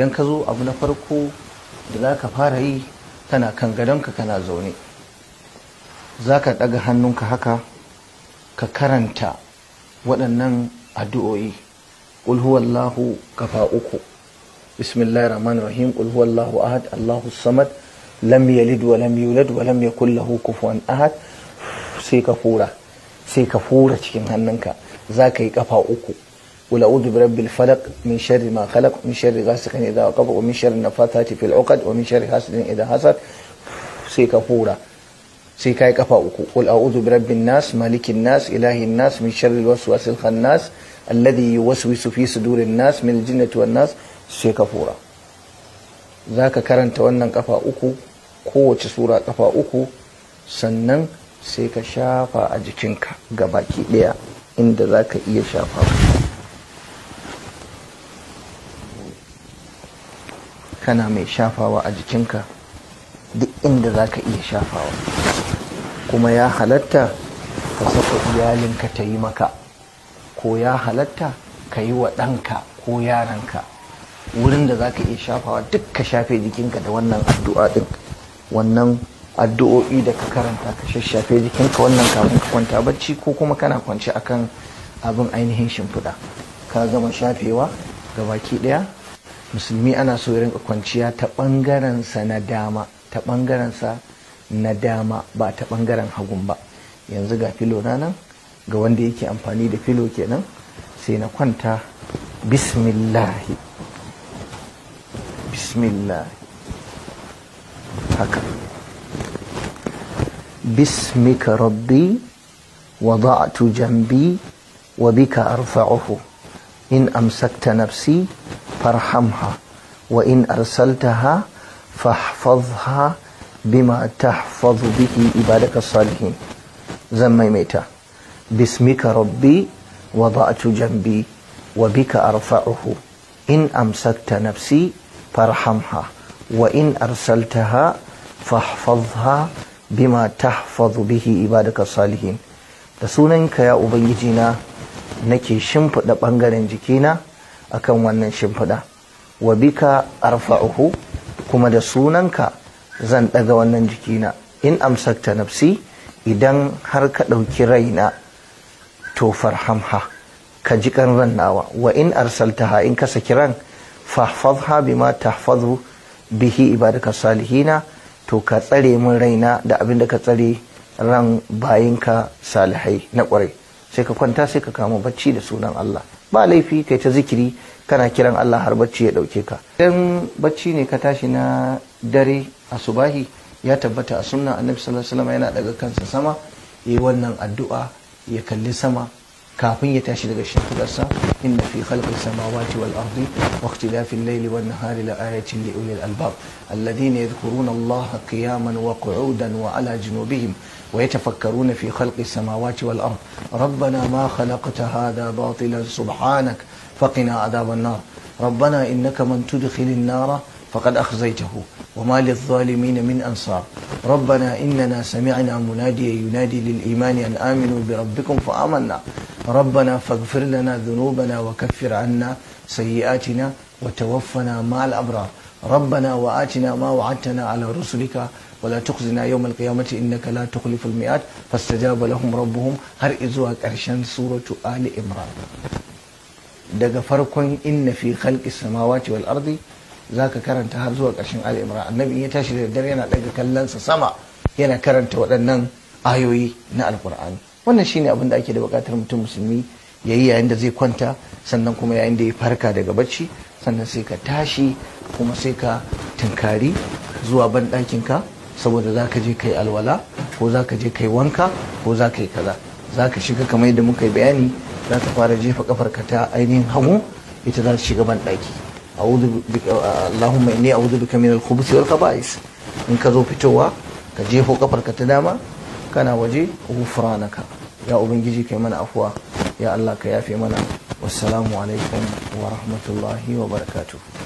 idan ka zo abu na farko da za ka fara yi kana kan gadonka kana zaune za ka ɗaga hannunka haka ka karanta waɗannan addu'o'i ƙulhuwallahu kafa uku bismillah rahman rahim ƙulhuwallahu ahad allahu samad lam yalid wa lam yulad wa lam yakul lahu kufuwan ahad sai ka fura sai ka fura cikin hannunka za ka yi kafa uku قل أعوذ برب الفلق من شر ما خلق من شر غاسق إذا وقب ومن شر النفاثات في العقد ومن شر حاسد إذا حسد سيكفورا sai kai kafa uku qul a'udhu birabbin nas malikin nas ilahin nas min sharril waswasil khannas alladhi yuwaswisu fi sudurin nas min jinnati wan nas sai ka fura zaka karanta wannan kafa uku kowace sura kafa uku sannan sai ka shafa a jikinka ga baki ɗaya inda zaka iya shafa kana mai shafawa a jikinka duk inda za ka iya shafawa kuma ya halatta ka saka iyalinka ta yi maka ko ya halatta ka yi wa ɗanka ko yaranka wurin da za ka iya shafawa duk ka shafe jikinka da wannan addu'a ɗin wannan addu'o'i da ka karanta ka shafe jikinka wannan kafin ka kwanta bacci ko kuma kana kwance akan abin ainihin shimfiɗa ka gama shafewa ga baki ɗaya musulmi ana so irin kwanciya ta ɓangarensa na dama ta ɓangarensa na dama ba ta ɓangaren hagun ba yanzu ga filo na nan ga wanda yake amfani da filo kenan sai na kwanta bismillahi bismillahi haka bismika rabbi wada'tu jambi wa bika arfa'uhu in amsakta nafsi farhamha wa in arsaltaha fahfazha bima tahfazu bihi ibadaka salihin zan maimaita bismika rabbi wada'tu jambi wa bika arfa'uhu in amsakta nafsi farhamha wa in arsaltaha fahfazha bima tahfazu bihi ibadaka salihin da sunanka ya ubangijina nake shimfiɗa ɓangaren jikina akan wannan shimfiɗa wa bika arfa'uhu kuma da sunanka zan ɗaga wannan jikina in amsakta nafsi idan har ka ɗauki raina to farhamha ka ji kan ran nawa wa in ha in ka saki ran fahfazha bima tahfazu bihi ibadaka salihina to ka tsare min raina da abin da ka tsare ran bayinka salihai na kwarai sai ka kwanta sai ka kama bacci da sunan Allah ba laifi kai ta zikiri kana kiran Allah har bacci ya dauke ka idan bacci ne ka tashi na dare a subahi ya tabbata a sunna annabi sallallahu alaihi wasallam yana daga kansa sama yi wannan addu'a ya kalli sama كافية ya الشيخ درسا إن في خلق السماوات والأرض واختلاف الليل والنهار لآية لأولي الألباب الذين يذكرون الله قياما وقعودا وعلى جنوبهم ويتفكرون في خلق السماوات والأرض ربنا ما خلقت هذا باطلا سبحانك فقنا عذاب النار ربنا إنك من تدخل النار فقد أخزيته وما للظالمين من أنصار ربنا إننا سمعنا مناديا ينادي للإيمان أن آمنوا بربكم فآمنا ربنا فاغفر لنا ذنوبنا وكفر عنا سيئاتنا وتوفنا مع الابرار ربنا واتنا ما وعدتنا على رسلك ولا تخزنا يوم القيامة إنك لا تخلف المئات فاستجاب لهم ربهم هر إزوا كرشان سورة آل إمران دقا فرق إن في خلق السماوات والأرض ذاك كرن تهر زوا كرشان آل إمران النبي يتشري الدريان لقا كلنس سما ينا كرن تولنن آيوي نا القرآن wannan shine abin da ake da bukatar mutum musulmi ya yi yayin da zai kwanta sannan kuma yayin da ya farka daga bacci sannan sai ka tashi kuma sai ka tunkari zuwa ban ka saboda za ka je kai alwala ko za ka je kai wanka ko za ka yi kaza za ka shiga kamar yadda muka yi bayani za ka fara jefa kafarka ta ainihin hagu ita za ta shiga ban ɗaki Allahumma inni a'udhu bika min al-khubuthi wal khaba'is in ka zo fitowa ka jefo kafarka ta dama kana waje ka. ya ubangiji kai mana afuwa ya allah ka yafe mana wassalamu alaikum wa rahmatullahi wa barakatuh